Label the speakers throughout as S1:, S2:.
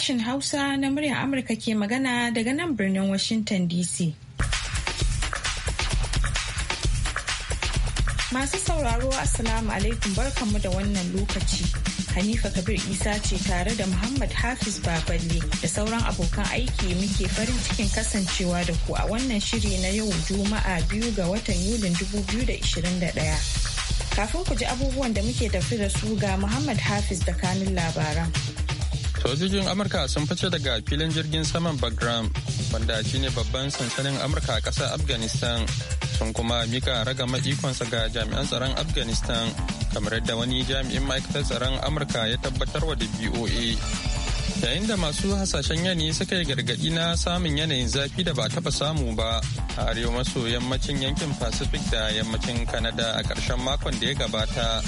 S1: sashen Hausa na muryar Amurka ke magana daga nan birnin Washington DC. Masu sauraro Assalamu alaikum barkanmu da wannan lokaci. Hanifa Kabir Isa ce tare da Muhammad Hafiz Baballe da sauran abokan aiki muke farin cikin kasancewa da ku a wannan shiri na yau Juma'a biyu ga watan Yulin 2021. Kafin ku ji abubuwan da muke tafi da su ga Muhammad Hafiz da kanun labaran.
S2: sojojin amurka sun fice daga filin jirgin saman bagram wanda shine babban sansanin amurka a ƙasar afghanistan sun kuma mika ragama ikonsa ga jami'an tsaron afghanistan kamar yadda wani jami'in ma'aikatar tsaron amurka ya tabbatar wa da boa yayin da masu hasashen yanayi suka yi gargaɗi na samun yanayin zafi da ba taɓa samu ba a arewa maso yammacin yankin pacific da yammacin canada a ƙarshen makon da ya gabata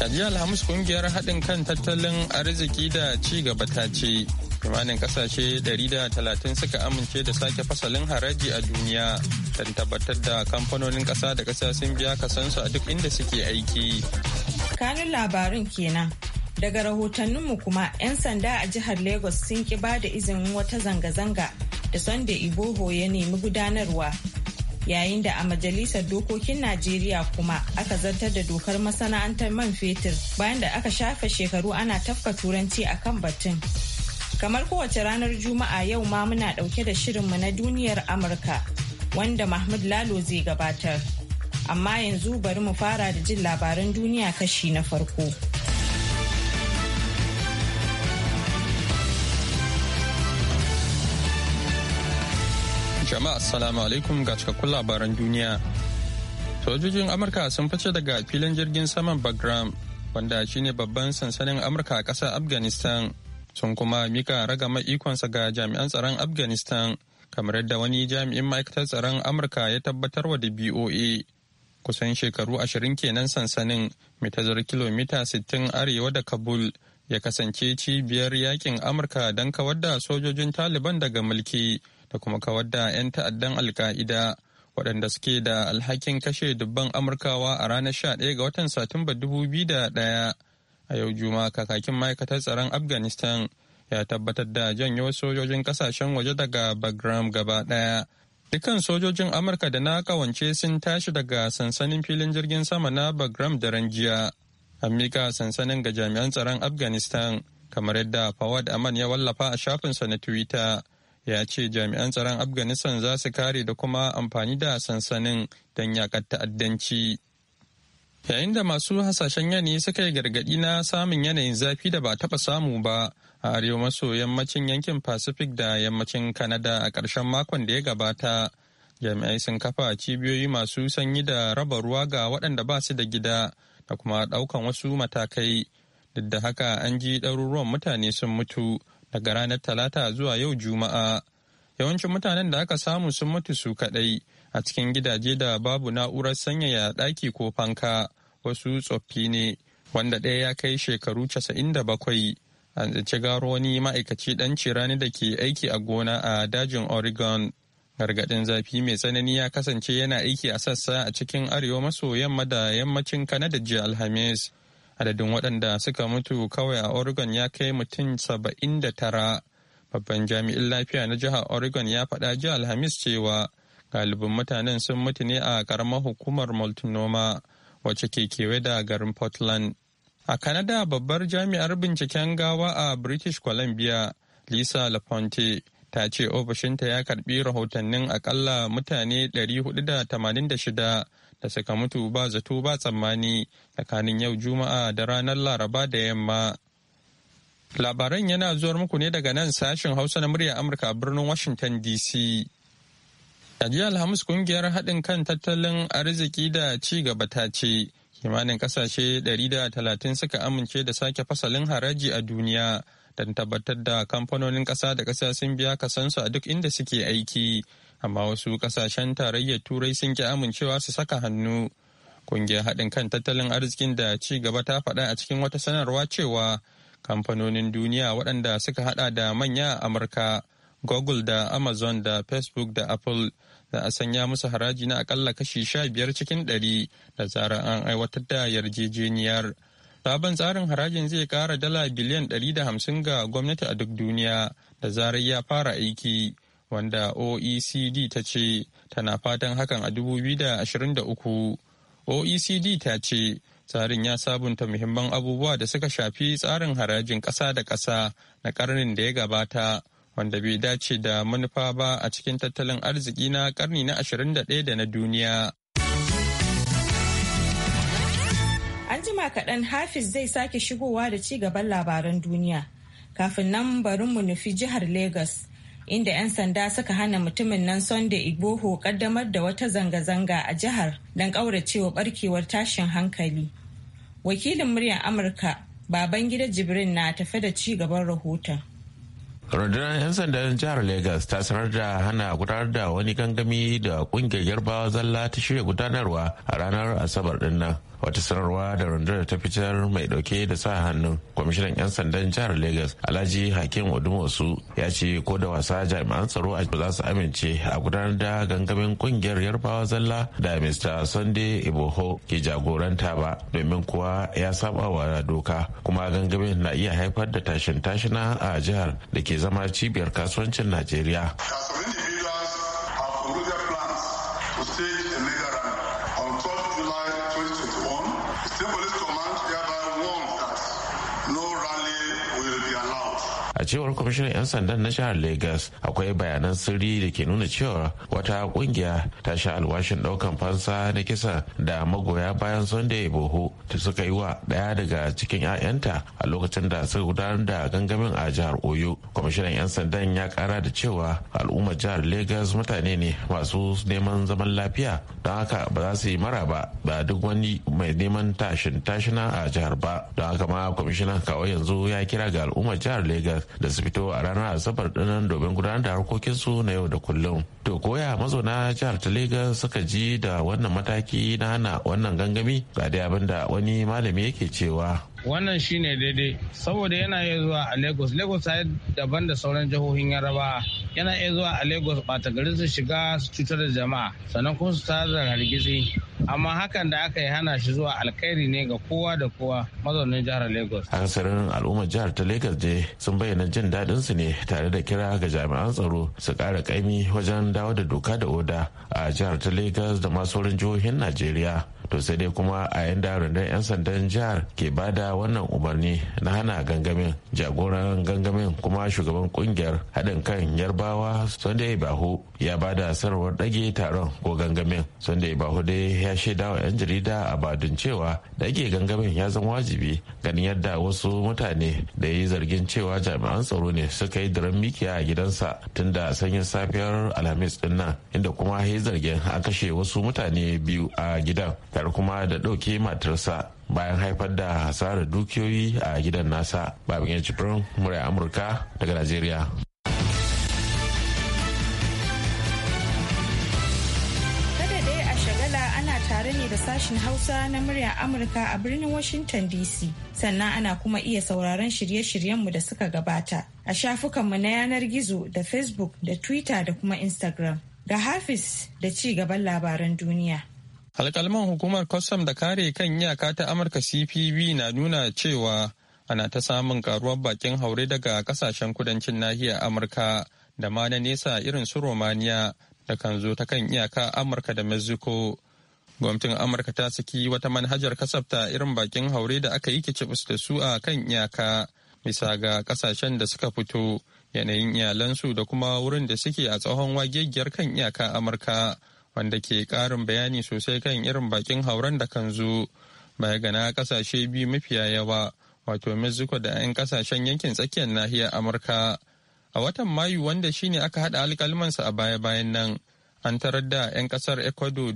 S2: a alhamis kungiyar haɗin kan tattalin arziki da ci gaba ta ce kimanin kasashe 130 suka amince da sake fasalin haraji a duniya don tabbatar da kamfanonin ƙasa da kasa sun biya kasansu a duk inda suke aiki
S1: kanin labarin kenan daga rahotanninmu kuma 'yan sanda a jihar lagos sun ki ba da izinin wata zanga-zanga da sunday iboho ya nemi gudanarwa yayin da a majalisar dokokin najeriya kuma aka zartar da dokar masana'antar man fetur bayan da aka shafe shekaru ana tafka turanci a kan batun kamar kowace ranar juma'a yau ma muna dauke da shirinmu na duniyar amurka wanda mahmud lalo zai gabatar amma yanzu bari mu fara da jin labaran duniya kashi na farko
S2: Jama'a assalamu alaikum ga cikakkun labaran duniya. Sojojin Amurka sun fice daga filin jirgin saman Bagram wanda shine babban sansanin Amurka a ƙasar Afghanistan sun kuma mika ragama ikonsa ga jami'an tsaron Afghanistan kamar yadda wani jami'in ma'aikatar tsaron Amurka ya tabbatar wa da BOA. Kusan shekaru ashirin kenan sansanin mitazar kilomita sittin arewa da Kabul ya kasance cibiyar yakin Amurka don kawar da sojojin Taliban daga mulki. da kuma kawar da 'yan ta'addan alka'ida waɗanda suke da alhakin kashe dubban amurkawa a ranar 11 ga watan satumba 2001 a yau juma kakakin ma'aikatar tsaron afghanistan ya tabbatar da janyo sojojin kasashen waje daga bagram gaba ɗaya dukkan sojojin amurka da na kawance sun tashi daga sansanin filin jirgin sama na bagram da ranjiya an mika sansanin ga jami'an tsaron afghanistan kamar yadda fawad aman ya wallafa a shafinsa na twitter ya ce jami'an tsaron afghanistan za su kare da kuma amfani da sansanin don yakar ta'addanci yayin da masu hasashen yanayi suka yi gargadi na samun yanayin zafi da ba taɓa samu ba a arewa maso yammacin yankin pacific da yammacin canada a ƙarshen makon da ya gabata jami'ai sun kafa cibiyoyi masu sanyi da raba ruwa ga waɗanda ba su da gida da kuma ɗaukan wasu matakai duk da haka an ji ɗaruruwan mutane sun mutu daga ranar talata zuwa yau juma'a yawancin mutanen da aka samu sun mutu su kaɗai a cikin gidaje da babu na'urar sanyaya ɗaki ko fanka wasu tsoffi ne wanda ɗaya ya kai shekaru casa'in da bakwai an zance garo wani ma'aikaci ɗan cirani da ke aiki a gona a dajin oregon gargaɗin zafi mai tsanani ya kasance yana aiki a sassa a cikin arewa maso yamma da yammacin kanada jiya alhamis adadin waɗanda suka mutu kawai a oregon ya kai mutum saba'in da tara babban jami'in lafiya na jihar oregon ya faɗa jiya alhamis cewa galibin mutanen sun mutu ne a ƙaramar hukumar multinoma wacce ke kewaye da garin portland a kanada babbar jami'ar binciken gawa a british columbia lisa lafonte ta ce ofishinta ya karbi rahotannin akalla mutane 486 da suka mutu ba zato ba tsammani tsakanin yau juma'a da ranar laraba da yamma labaran yana zuwar muku ne daga nan sashen hausa na murya amurka a birnin washington dc a jiya alhamis kungiyar haɗin kan tattalin arziki da ci gaba ta ce kimanin kasashe 130 suka amince da sake fasalin haraji a duniya don tabbatar da kamfanonin ƙasa da ƙasa sun biya kasansu a duk inda suke aiki amma wasu kasashen tarayyar turai sun ki amincewa su saka hannu kungiyar haɗin kan tattalin arzikin da ci gaba ta faɗa a cikin wata sanarwa cewa kamfanonin duniya waɗanda suka haɗa da manya a amurka google da amazon da facebook da apple za a sanya musu haraji na akalla kashi sha biyar cikin ɗari da zarar an aiwatar da yarjejeniyar sabon tsarin harajin zai kara dala biliyan ɗari da hamsin ga gwamnati a duk duniya da zarar ya fara aiki wanda oecd ta ce tana fatan hakan a 2023 oecd ta ce tsarin ya sabunta muhimman abubuwa da suka shafi tsarin harajin ƙasa da ƙasa na karnin da ya gabata wanda bai dace da manufa ba a cikin tattalin arziki na karni na 21 da na duniya.
S1: An jima kaɗan Hafiz zai sake shigowa da ci gaban labaran duniya. Kafin nan bari mu nufi jihar Legas inda 'yan sanda suka hana mutumin nan Sunday Igboho kaddamar da wata zanga-zanga a jihar don ƙauracewa barkewar tashin hankali. Wakilin muryar Amurka, baban Babangida Jibrin na tafe da ci gaban rahoton.
S3: rundunar 'yan sandan jihar Legas ta sanar da hana gudanar da wani gangami da kungiyar yarbawa zalla ta shirya gudanarwa a ranar asabar din nan wata sanarwa da rundunar ta fitar mai dauke da sa hannun kwamishinan 'yan sandan jihar lagos alhaji hakim odumosu ya ce ko da wasa jami'an tsaro a za su amince a gudanar da gangamin kungiyar yarbawa zalla da mr sunday iboho ke jagoranta ba domin kuwa ya saba wa doka kuma gangamin na iya haifar da tashin tashina a jihar da ke zama cibiyar kasuwancin najeriya. cewar kwamishinan 'yan sandan na jihar Legas, akwai bayanan sirri da ke nuna cewa wata kungiya ta sha alwashin daukan fansa na kisa da magoya bayan sunday boho da suka yi wa daya daga cikin 'ya'yanta a lokacin da suka gudanar da gangamin a jihar oyo kwamishinan 'yan sandan ya kara da cewa al'ummar jihar Legas mutane ne masu neman zaman lafiya don haka ba za su yi mara ba ba duk wani mai neman tashin tashina a jihar ba don haka ma kwamishinan kawai yanzu ya kira ga al'ummar jihar Legas. da su fito a ranar asabar dinnan domin gudanar da harkokinsu na yau da kullum to koya mazauna jihar ta lagos suka ji da wannan mataki na hana wannan gangami ga dai abin da wani malami yake cewa
S4: wannan shine daidai saboda yana iya zuwa a lagos lagos ta daban da sauran jihohin yaraba yana iya zuwa a lagos ta garin su shiga su cutar da jama'a sannan kuma su tara da hargitsi amma hakan da aka yi hana shi zuwa alkhairi ne ga kowa da kowa mazaunin jihar lagos
S3: hansarin al'ummar jihar ta lagos je sun bayyana jin daɗin su ne tare da kira ga jami'an tsaro su ƙara ƙaimi wajen dawo da doka da oda a jihar ta lagos da masu jihohin najeriya to sai dai kuma a yan da rundunar 'yan sandan jihar ke bada wannan umarni na hana gangamin jagoran gangamin kuma shugaban kungiyar haɗin kan yarbawa sunday baho ya bada sanarwar ɗage taron ko gangamin sunday baho dai ya shaida wa 'yan jarida a badun cewa ɗage gangamin ya zama wajibi ganin yadda wasu mutane da ya yi zargin cewa jami'an tsaro ne suka yi daren mikiya a gidansa tunda sanyin safiyar alhamis dinnan inda kuma ya yi zargin an kashe wasu mutane biyu a gidan tare kuma da ɗauke matarsa bayan haifar da hasarar dukiyoyi a gidan nasa babin yanci murya amurka daga najeriya
S1: tare ne da sashin hausa na murya amurka a birnin washington dc sannan ana kuma iya sauraron shirye-shiryenmu da suka gabata a shafukanmu na yanar gizo da facebook da twitter da kuma instagram ga hafiz da ci gaban labaran duniya
S2: alkalman hukumar kwastam da kare kan iyaka ta amurka cpb na nuna cewa ana ta samun karuwar bakin haure daga kasashen kudancin nahiyar amurka da ma na nesa irin su romania da kan zo ta kan iyaka amurka da mexico gwamnatin amurka ta saki wata manhajar kasafta irin bakin haure da aka yi kicibis da su a kan iyaka bisa ga kasashen da suka fito yanayin iyalansu da kuma wurin da suke a tsohon wagegiyar kan iyaka amurka wanda ke ƙarin bayani sosai kan irin bakin hauren da kan zo baya gana na ƙasashe biyu mafiya yawa wato mexico da 'yan ƙasashen yankin tsakiyar nahiyar amurka a watan mayu wanda shine aka hada alƙalmansa a baya-bayan nan an tarar da 'yan ƙasar ecuador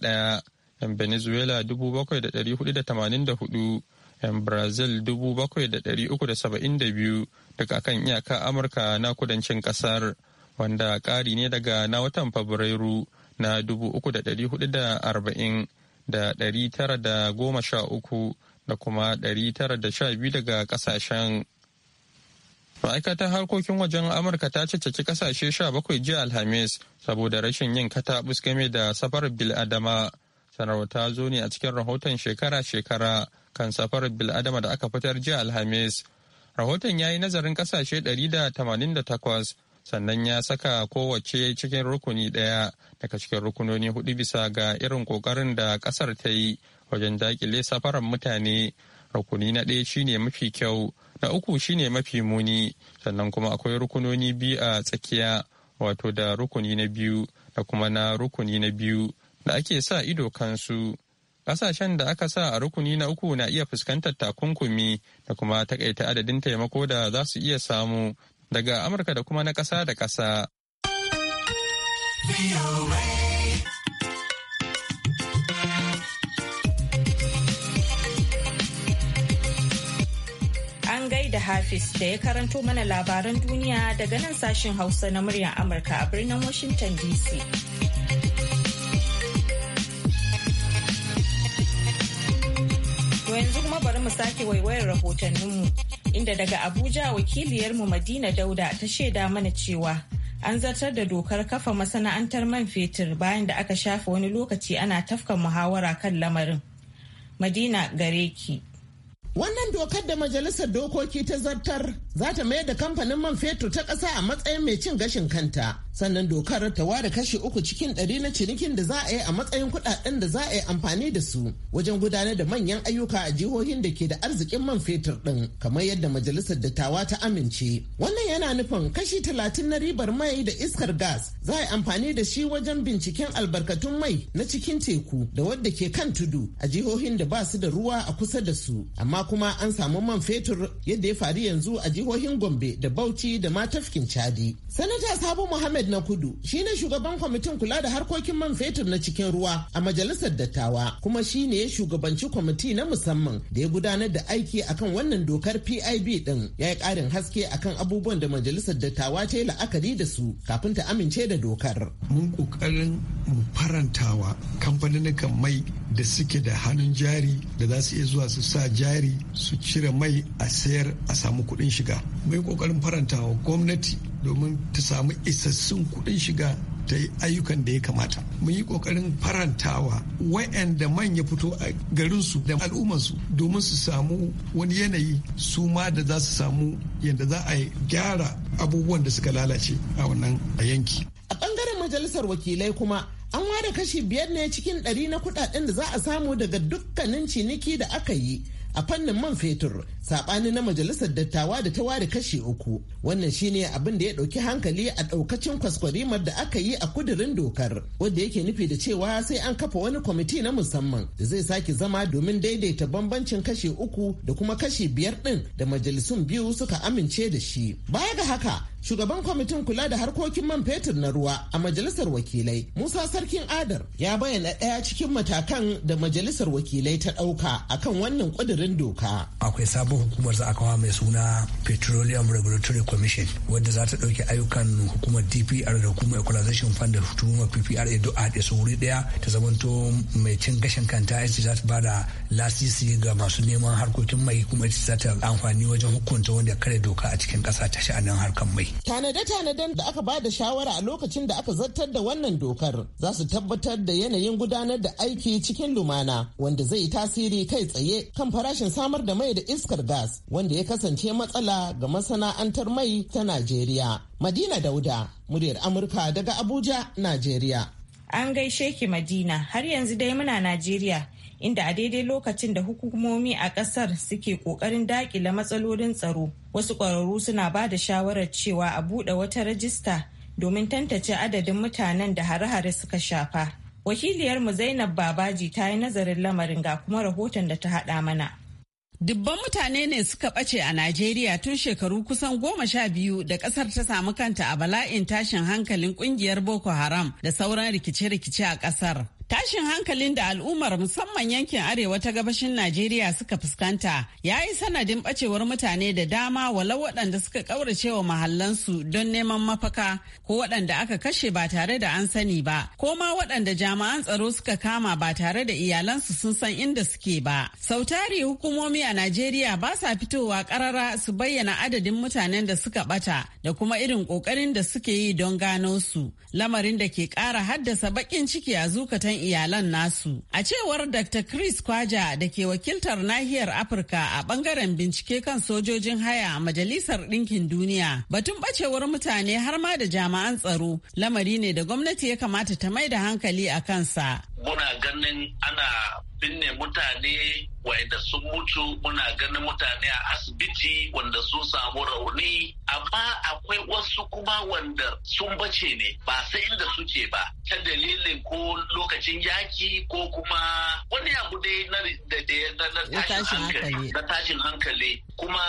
S2: ɗaya 'yan venezuela 7,484 'yan brazil biyu daga kan iyaka amurka na kudancin ƙasar. wanda ƙari ne daga na watan Fabrairu na 3,440 da 913 da kuma 912 daga ƙasashen. Ma'aikatar harkokin wajen Amurka ta cicciki ƙasashe 17 jiya Alhamis saboda rashin yin kataɓus game da safar bil'adama. Sanarwa ta zo ne a cikin rahoton shekara-shekara kan safar bil'adama da aka fitar jiya Alhamis. Rahoton ya yi nazarin ƙasashe 188 sannan ya saka kowace cikin rukuni ɗaya daga cikin rukunoni hudu bisa ga irin ƙoƙarin da ƙasar ta yi wajen daƙile safaran mutane rukuni na ɗaya shine mafi kyau na uku shine mafi muni sannan kuma akwai rukunoni biyu a tsakiya wato da rukuni na biyu da kuma na rukuni na biyu da ake sa ido kansu ƙasashen da aka sa a rukuni na uku na iya fuskantar takunkumi da kuma takaita adadin taimako da za su iya samu daga Amurka da kuma na ƙasa da ƙasa.
S1: An gaida Hafiz da ya karanto mana labaran duniya daga nan sashen Hausa na muryar Amurka a birnin Washington DC. yanzu kuma bari mu sake waiwayar rahotanninmu inda daga Abuja wakiliyarmu Madina Dauda ta shaida mana cewa an zartar da dokar kafa masana'antar man fetur bayan da aka shafe wani lokaci ana tafka muhawara kan lamarin. Madina gare ki. Wannan dokar da
S5: Majalisar Dokoki ta zartar za ta mayar da kamfanin man fetur ta ƙasa a matsayin mai cin gashin kanta sannan dokar ta ware kashi uku cikin ɗari na cinikin da za a yi a matsayin kuɗaɗen da za a yi amfani da su wajen gudanar da manyan ayyuka a jihohin da ke da arzikin man fetur ɗin kamar yadda majalisar dattawa ta amince wannan yana nufin kashi talatin na ribar mai da iskar gas za a yi amfani da shi wajen binciken albarkatun mai na cikin teku da wadda ke kan tudu a jihohin da ba su da ruwa a kusa da su amma kuma an samu man fetur yadda ya faru yanzu a jihohin Gombe da Bauchi da ma tafkin Chadi. Sanata Sabo Muhammad na Kudu shine shugaban kwamitin kula da harkokin man fetur na cikin ruwa a majalisar dattawa kuma shine ya shugabanci kwamiti na musamman da ya gudanar da aiki akan wannan dokar PIB din. Ya yi ƙarin haske akan abubuwan da majalisar dattawa ta yi la'akari da su
S6: kafin ta amince da dokar. Mun ƙoƙarin mu farantawa kamfanin mai da suke da hannun jari da za su iya zuwa su sa jari su cire mai a sayar a samu kuɗin shiga shiga mu yi kokarin faranta wa gwamnati domin ta samu isassun kuɗin shiga ta yi ayyukan da ya kamata mun yi kokarin farantawa man ya fito a garinsu da al'ummarsu domin su samu wani yanayi su ma da za su samu yadda za a gyara abubuwan da suka lalace a wannan yanki
S5: a bangaren majalisar wakilai kuma an ware kashi biyar ne cikin ɗari na kuɗaɗen da za a samu daga dukkanin ciniki da aka yi a fannin man fetur saɓani na majalisar dattawa da ta ware kashi uku wannan shine abin da ya ɗauki hankali a ɗaukacin kwaskwarimar da aka yi a kudirin dokar wanda yake nufi da cewa sai an kafa wani kwamiti na musamman da zai sake zama domin daidaita bambancin kashi uku da kuma kashi biyar ɗin da majalisun biyu suka amince da shi baya ga haka shugaban kwamitin kula da harkokin man fetur na ruwa a majalisar wakilai musa sarkin adar ya bayyana ɗaya cikin matakan da majalisar wakilai ta ɗauka akan wannan kudirin doka
S6: akwai sabon hukumar za a kawo mai suna petroleum regulatory commission wadda za ta ɗauki ayyukan hukumar dpr da hukumar equalization fund da hukumar ppr duk a haɗe su wuri ɗaya ta zamanto mai cin gashin kanta ita za ta ba da lasisi ga masu neman harkokin mai kuma ita za ta amfani wajen hukunta wanda kare doka a cikin ƙasa ta sha'anin harkar mai.
S5: tanada tanadan da aka ba da shawara a lokacin da aka zartar da wannan dokar za su tabbatar da yanayin gudanar da aiki cikin lumana wanda zai yi tasiri kai tsaye kan farashin samar da mai da iskar iskar gas wanda ya kasance matsala ga masana'antar mai ta Najeriya. Madina Dauda,
S1: muryar Amurka daga Abuja, Najeriya. An gaishe ki Madina, har yanzu dai muna Najeriya. inda a daidai lokacin da hukumomi a kasar suke kokarin dakile matsalolin tsaro wasu ƙwararru suna ba da shawarar cewa a buɗe wata rajista domin tantace adadin mutanen da hare-hare suka shafa wakiliyarmu zainab babaji ta yi nazarin lamarin ga kuma rahoton da ta haɗa mana Dubban mutane ne suka
S7: ɓace a Najeriya tun shekaru kusan goma sha biyu da ƙasar ta samu kanta a bala'in tashin hankalin ƙungiyar Boko Haram da sauran rikice-rikice a ƙasar. Tashin hankalin da al'ummar musamman yankin arewa ta gabashin Najeriya suka fuskanta ya yi sanadin bacewar mutane da dama walau waɗanda suka ƙaurace wa mahallansu don neman mafaka ko waɗanda aka kashe ba tare da an sani ba ko ma waɗanda jami'an tsaro suka kama ba tare da iyalansu sun san inda suke ba. Sautari hukumomi a Najeriya ba sa fitowa ƙarara su bayyana adadin mutanen da suka ɓata da kuma irin ƙoƙarin da suke yi don gano su. Lamarin da ke ƙara haddasa baƙin ciki a zukatan iyalan nasu. A cewar Dr. Chris Kwaja da ke wakiltar nahiyar Afirka a bangaren bincike kan sojojin haya a Majalisar Dinkin Duniya, batun bacewar mutane har ma da jami'an tsaro lamari ne da gwamnati ya kamata ta mai da hankali a kansa.
S8: muna ganin ana binne mutane wa'inda sun mutu muna ganin mutane a asibiti wanda sun samu rauni amma akwai wasu kuma wanda sun bace ne ba sai inda suke ba ta dalilin ko lokacin yaki ko kuma wani abu dai na tashin hankali kuma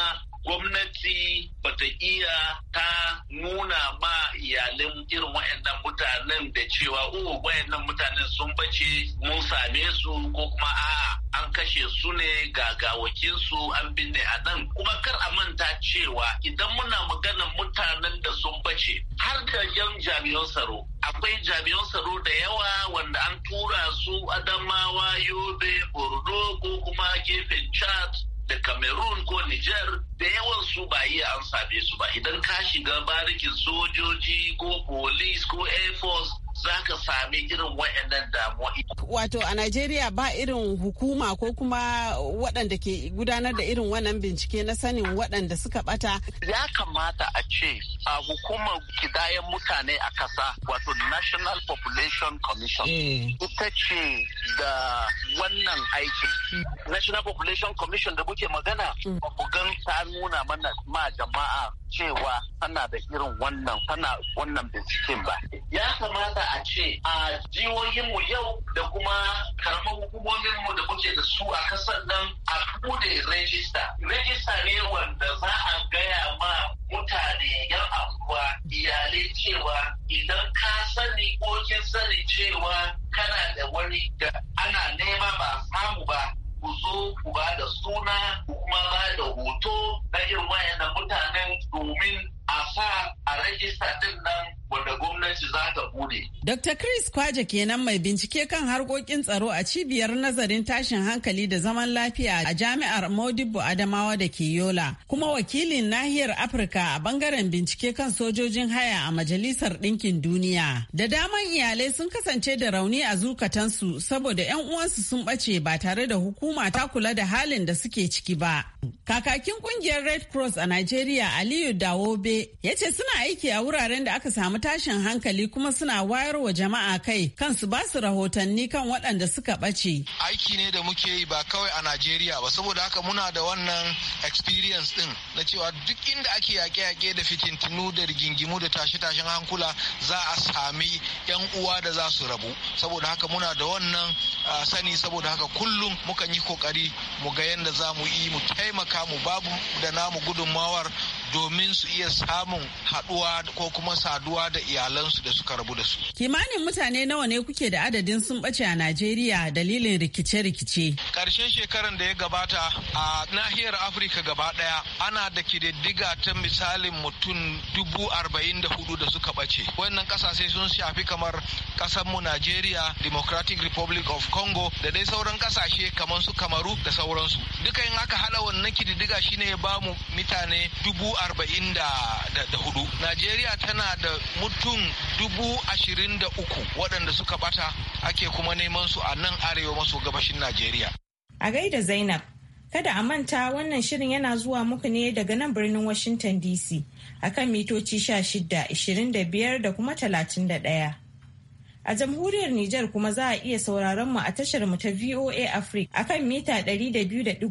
S8: gwamnati bata iya ta nuna ma iyalin irin wayannan mutanen da cewa uwa oh, wayannan mutanen sun bace mun same su ko kuma a'a an kashe su ne ga gawakinsu an binne a nan kuma kar a manta cewa idan muna magana mutanen da sun bace har da yan jami'an tsaro akwai jami'an tsaro da yawa wanda an tura su adamawa yobe borno ko kuma gefen chad da cameroon ko niger da yawan su ba yi an same su ba idan ka shiga barikin sojoji ko police ko air force za ka sami irin wayannan damuwa.
S7: Wato a Najeriya ba irin hukuma ko kuma waɗanda ke gudanar da irin wannan bincike na sanin waɗanda suka ɓata.
S8: Ya kamata a ce a hukumar kidayen mutane a kasa wato National Population Commission. Eh. Ita ce da wannan aiki. National Population Commission da muke magana mm. ba gan ta nuna mana ma jama'a cewa tana da irin wannan tana wannan
S6: binciken ba.
S8: Ya kamata a ce a jihohinmu yau da kuma karamar hukumominmu da muke da su a kasar nan a bude rejista. Rejista ne wanda za a
S7: Kwaje kenan mai bincike kan harkokin tsaro a cibiyar nazarin tashin hankali da zaman lafiya a jami'ar Modibo Adamawa da ke Yola, kuma wakilin nahiyar Afirka a bangaren bincike kan sojojin haya a Majalisar Ɗinkin Duniya. Da daman iyalai sun kasance da rauni a zukatansu saboda 'yan uwansu sun ɓace ba tare da hukuma ta kula da halin da suke ciki ba. Kakakin kungiyar Red Cross a Nigeria Aliyu Dawobe ya ce suna aiki a wuraren da aka samu tashin hankali kuma suna wayar wa jama'a kai kan ba su rahotanni kan waɗanda suka ɓace.
S4: Aiki ne da muke yi ba kawai a Najeriya ba saboda haka muna da wannan experience din na cewa duk inda ake yaƙe-yaƙe da fitintinu da rigingimu da tashe-tashen hankula za a sami 'yan uwa da za su rabu saboda haka muna da wannan sani saboda haka kullum mukan yi kokari mu ga yadda za mu yi mu taimaka mu babu da namu gudunmawar domin su iya samun haduwa ko kuma saduwa da iyalansu da suka rabu da su.
S7: Kimanin mutane nawa ne kuke da adadin sun bace a Najeriya dalilin rikice-rikice?
S4: Karshen shekaran da ya gabata a nahiyar Afirka gaba ɗaya ana da kididdiga ta misalin mutum dubu arba'in da hudu da suka bace. Wannan kasashe sun shafi kamar mu Najeriya, Democratic Republic of Congo da dai sauran kasashe kamar su Kamaru da sauransu. Duka in aka haɗa wannan kididdiga shine ya bamu mutane dubu arba'in hudu najeriya tana da mutum dubu ashirin da uku waɗanda suka bata ake kuma neman su a nan arewa maso gabashin najeriya
S1: a gaida zainab kada a manta wannan shirin yana zuwa muku ne daga nan birnin washington dc akan mitoci 16 ishirin da kuma talatin 31 A jamhuriyar Nijar kuma za a iya sauraron mu a tashar mu ta VOA Africa akan mita 200.5.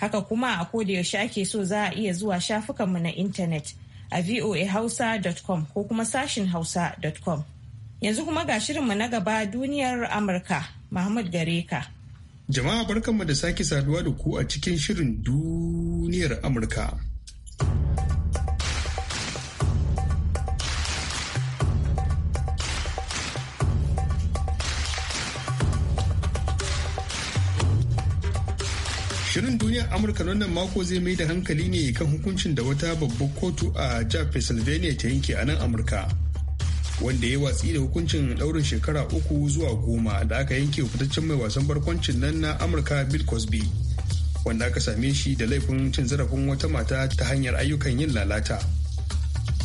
S1: Haka kuma a yaushe ake so za a iya zuwa shafukanmu na intanet a voahausa.com ko kuma sashin hausa.com. Yanzu kuma ga shirinmu na gaba duniyar Amurka, Mahmud Gareka.
S6: Jama'a barkanmu da sake saduwa da ku a cikin shirin duniyar Amurka. Shirin duniyar Amurka wannan mako zai mai da hankali ne kan hukuncin da wata babbar kotu a jihar Pennsylvania ta yanke a nan Amurka. Wanda ya watsi da hukuncin ɗaurin shekara uku zuwa goma da aka yanke fitaccen mai wasan barkwancin nan na Amurka Bill Cosby. Wanda aka same shi da laifin cin zarafin wata mata ta hanyar ayyukan yin lalata.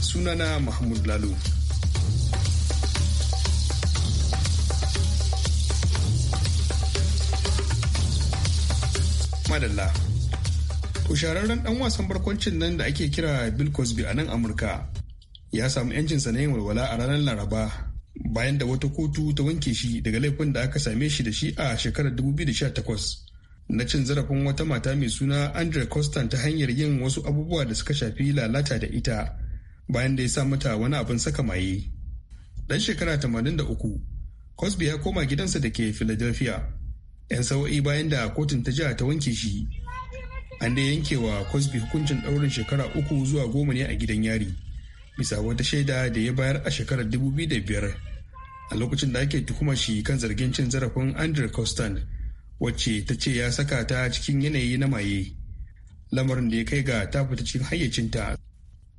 S6: Sunana Mahmud Lalo. madalla kushararren ɗan wasan barkwancin nan da ake kira bill cosby a nan amurka ya samu yancinsa na yin walwala a ranar laraba bayan da wata kotu ta wanke shi daga laifin da aka same shi da shi a shekarar 2018 na cin zarafin wata mata mai suna andre Costan ta hanyar yin wasu abubuwa da suka shafi lalata da ita bayan da ya sa mata wani abin saka maye dan shekara 83 cosby ya koma gidansa da ke philadelphia 'yan sawa'i bayan da kotun ta jiha ta wanke shi an da yankewa cosby hukuncin ɗaurin shekara uku zuwa goma ne a gidan yari bisa wata shaida da ya bayar a shekarar dubu biyu da biyar. a lokacin da ake tuhuma shi kan zargin cin zarafin andrew costan wacce ta ce ya saka ta cikin yanayi na maye lamarin da ya kai ga ta fita cikin hayyacinta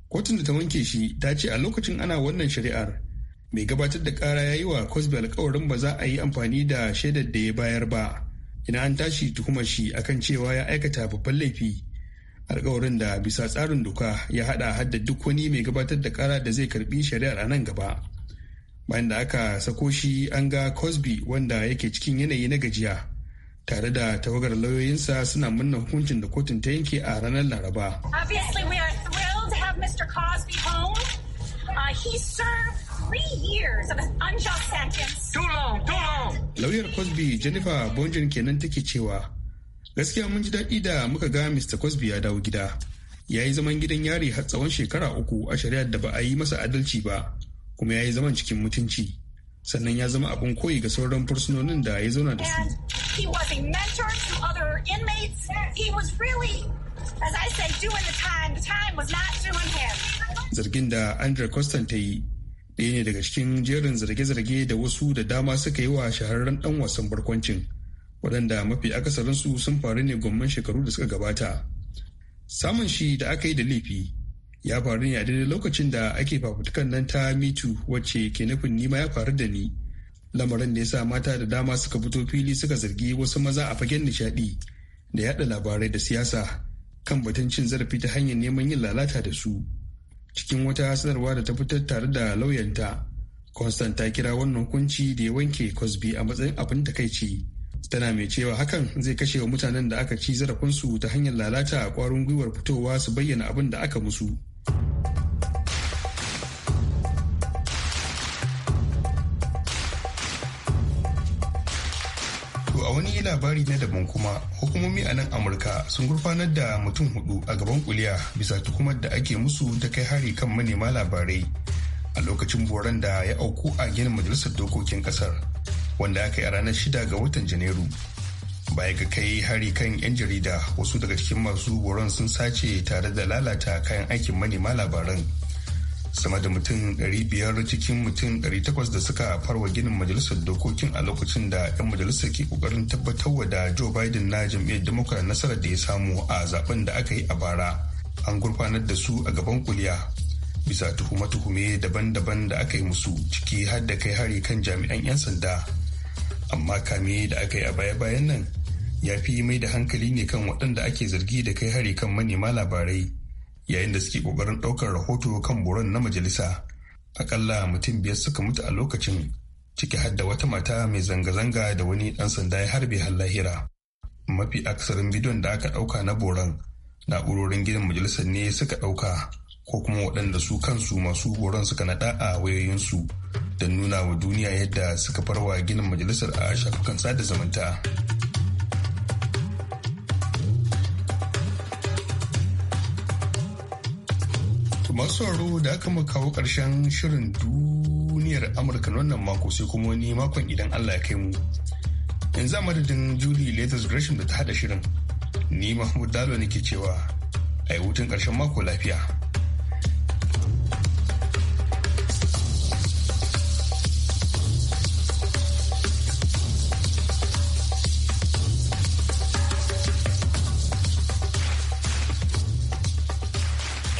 S6: kotun da ta wanke shi ta ce a lokacin ana wannan shari'ar mai gabatar da kara ya yi wa cosby alkawarin ba za a yi amfani da shaidar da ya bayar ba ina an tashi tuhumar shi akan cewa ya aikata babban laifi alkawarin da bisa tsarin doka ya hada hadda duk wani mai gabatar da kara da zai karbi shari'ar a nan gaba bayan da aka sako shi an ga cosby wanda yake cikin yanayi na gajiya tare da tawagar lauyoyinsa suna manna hukuncin da kotun ta yanke a ranar laraba Lauyar Cosby Jennifer Bonjen kenan take cewa gaskiya mun ji daɗi da muka ga Mr. Cosby ya dawo gida. Ya yi zaman gidan yari har tsawon shekara uku a shari'ar da ba a yi masa adalci ba kuma ya yi zaman cikin mutunci. Sannan ya zama abin koyi ga sauran fursunonin da ya zauna da
S8: su.
S6: Zargin da Andrew Costan ta yi ɗaya ne daga cikin jerin zarge-zarge da wasu da dama suka yi wa shahararren ɗan wasan barkwancin waɗanda mafi akasarinsu sun faru ne gwamman shekaru da suka gabata samun shi da aka yi da laifi ya faru ne a daidai lokacin da ake fafutukan nan ta mitu wacce ke nufin nima ya faru da ni lamarin da ya sa mata da dama suka fito fili suka zargi wasu maza a fagen nishaɗi da yaɗa labarai da siyasa kan batun cin zarafi ta hanyar neman yin lalata da su cikin wata sanarwa da ta fitar tare da lauyanta constant ta kira wannan hukunci da ya wanke cosby a matsayin abin takaici tana mai cewa hakan zai kashe wa mutanen da aka ci zarafinsu ta hanyar lalata a kwarin gwiwar fitowa su bayyana abin da aka musu wani labari na daban kuma hukumomi a nan amurka sun gurfanar da mutum hudu a gaban kuliya bisa tuhumar da ake musu ta kai hari kan manema labarai a lokacin boran da ya auku a ginin majalisar dokokin kasar wanda aka yi a ranar shida ga watan janairu baya ga kai hari kan 'yan jarida wasu daga cikin masu boron sun sace tare da lalata kayan aikin manema labaran sama da mutum 500 cikin mutum 800 da suka farwa ginin majalisar dokokin a lokacin da 'yan majalisar ke kokarin tabbatarwa da joe biden na jam'iyyar democrat nasarar da ya samu a zaben da aka yi a bara an gurfanar da su a gaban kuliya bisa tuhume-tuhume daban-daban da aka yi musu ciki har da kai hari kan jami'an 'yan sanda amma kame da aka yi a baya-bayan nan ya fi mai da hankali ne kan waɗanda ake zargi da kai hari kan manema labarai yayin da suke kokarin ɗaukar rahoto kan boron na majalisa akalla mutum biyar suka mutu a lokacin ciki hadda wata mata mai zanga-zanga da wani ɗan sanda ya harbe har lahira mafi aksarin bidiyon da aka ɗauka na boron na'urorin gidan majalisar ne suka ɗauka ko kuma waɗanda su kansu masu boron suka naɗa a wayoyinsu don nuna wa duniya yadda suka farwa ginin majalisar a shafukan sada zamanta. To masu da aka mu kawo ƙarshen shirin duniyar Amurka wannan mako sai kuma wani makon idan Allah ya kai mu. Yanzu a madadin Julie Latest Gresham da ta hada shirin. Ni Mahmud Dalo nake cewa a yi wutan ƙarshen mako lafiya.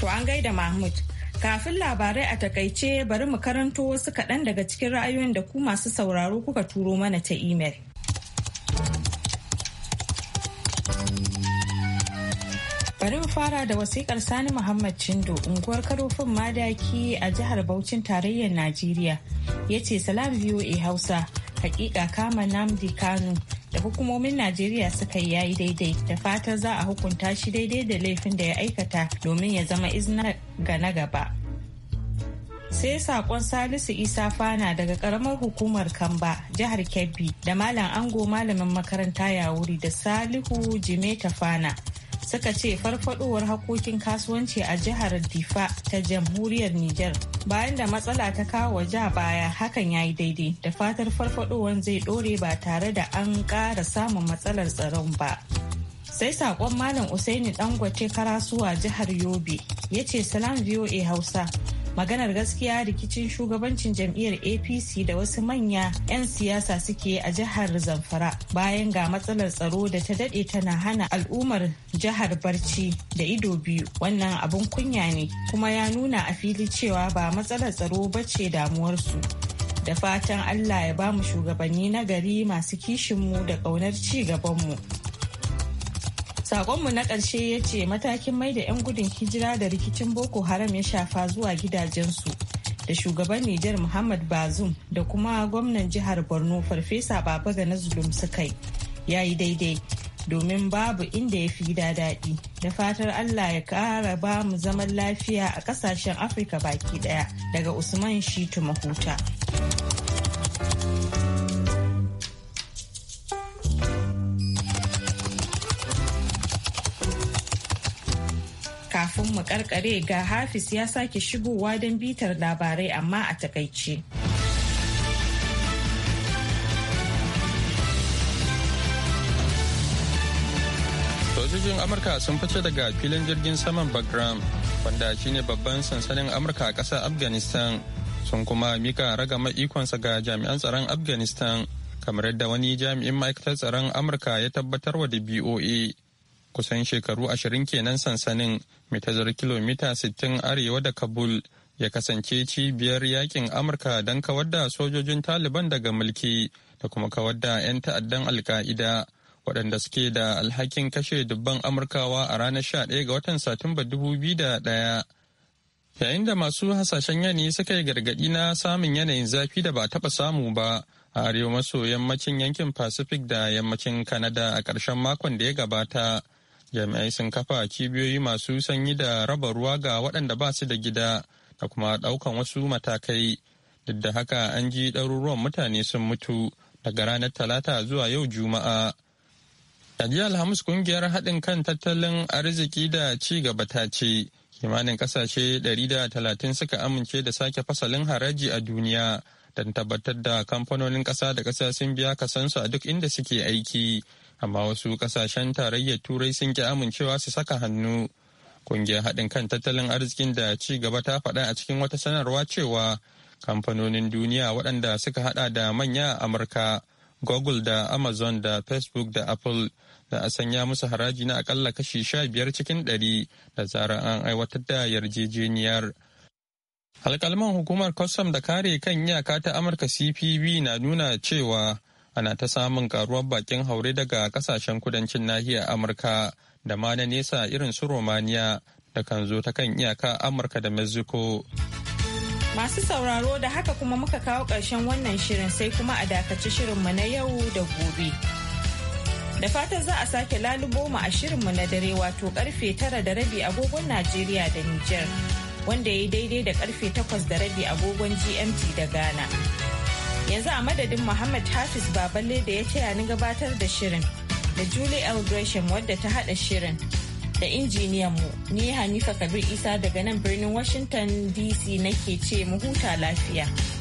S1: To an gaida Mahmud. Kafin labarai a takaice bari mu karanto wasu kaɗan daga cikin ra'ayoyin da ku masu sauraro kuka turo mana ta imel. Bari mu fara da wasikar Sani Muhammad Chindo unguwar karofin madaki a jihar Bauchin tarayyar Najeriya. Ya ce salam VOA Hausa, hakika kama Namdi Kanu da hukumomin Najeriya suka yi yayi daidai da fata za a hukunta shi daidai da laifin da ya aikata domin ya zama izina ga na gaba. Sai sakon Salisu Isa Fana daga karamar hukumar Kamba, jihar Kebbi da Malam Ango malamin makaranta ya wuri da Salihu Jimeta Fana suka ce farfadowar hakokin kasuwanci a jihar difa ta jamhuriyar niger bayan da matsala ta kawo wa ja baya hakan ya yi daidai da fatar farfadowar zai dore ba tare da an ƙara samun matsalar tsaron ba sai saƙon malam usaini dangote karasuwa jihar yobe ya ce salam voa hausa maganar gaskiya rikicin shugabancin jam'iyyar apc da wasu manya 'yan siyasa suke a jihar zamfara bayan ga matsalar tsaro da ta daɗe tana hana al'ummar jihar barci da ido biyu wannan abun kunya ne kuma ya nuna a fili cewa ba matsalar tsaro bace damuwarsu da fatan allah ya bamu shugabanni nagari gari masu kishinmu da ƙaunar ci gabanmu Sakonmu na ƙarshe ya ce matakin mai da 'yan gudun hijira da rikicin Boko Haram ya shafa zuwa gidajensu da shugaban Nijar Muhammad Bazum da kuma gwamnan jihar Borno Farfesa Baba na Zulum suka yi. Ya yi daidai domin babu inda ya fi gida daɗi. Da fatar Allah ya ƙara ba mu zaman lafiya a ƙasashen Afirka baki ɗaya daga Usman Shitu Mahuta. kafin mu karkare ga Hafiz ya sake shigowa don bitar labarai amma a takaice.
S2: sojojin amurka sun fice daga filin jirgin saman bagram wanda ne babban sansanin amurka a ƙasar afghanistan sun kuma mika ragama ikonsa ga jami'an tsaron afghanistan kamar yadda wani jami'in ma'aikatar tsaron amurka ya tabbatar wa da boa e. kusan shekaru ashirin kenan sansanin mai tazar kilomita 60 arewa da kabul ya kasance cibiyar yakin amurka don kawar da sojojin taliban daga mulki da kuma kawar da 'yan ta'addan alka'ida waɗanda suke da alhakin kashe dubban amurkawa a ranar 11 ga watan satumba 2001 yayin da masu hasashen yanayi suka yi gargaɗi na samun yanayin zafi da ba a taɓa samu ba a arewa maso yammacin yankin pacific da yammacin canada a ƙarshen makon da ya gabata jami'ai sun kafa cibiyoyi masu sanyi da raba ruwa ga waɗanda ba su da gida da kuma ɗaukan wasu matakai duk da haka an ji ɗaruruwan mutane sun mutu daga ranar talata zuwa yau juma'a a jiya alhamis kungiyar haɗin kan tattalin arziki da ci gaba ta ce kimanin ƙasashe 130 suka amince da sake fasalin haraji a duniya don tabbatar da kamfanonin ƙasa da ƙasa sun biya kasansu a duk inda suke aiki amma wasu kasashen tarayyar turai sun ki amincewa su saka hannu kungiyar haɗin kan tattalin arzikin da ci gaba ta faɗa a cikin wata sanarwa cewa kamfanonin duniya waɗanda suka haɗa da manya a amurka google da amazon da facebook da apple da a sanya musu haraji na akalla kashi sha biyar cikin ɗari da zarar an aiwatar da yarjejeniyar alkalman hukumar kwastam da kare kan iyaka ta amurka cpb na nuna cewa ana ta samun karuwar bakin haure daga kasashen kudancin nahiyar amurka da ma na nesa irin su romania da kan zo ta kan iyaka amurka da mexico
S1: masu sauraro da haka kuma muka kawo ƙarshen wannan shirin sai kuma a dakaci shirinmu na yau da gobe da fatan za a sake lalubo mu a shirinmu na dare wato karfe tara da rabi agogon najeriya da niger wanda ya yi daidai da karfe takwas da rabi agogon gmt da ghana yanzu a madadin muhammad hafiz baballe da ya taya ni gabatar da shirin da julie l gresham wadda ta hada shirin da injiniyan mu ni hanifa kabir isa daga nan birnin washington dc nake ce mu huta lafiya.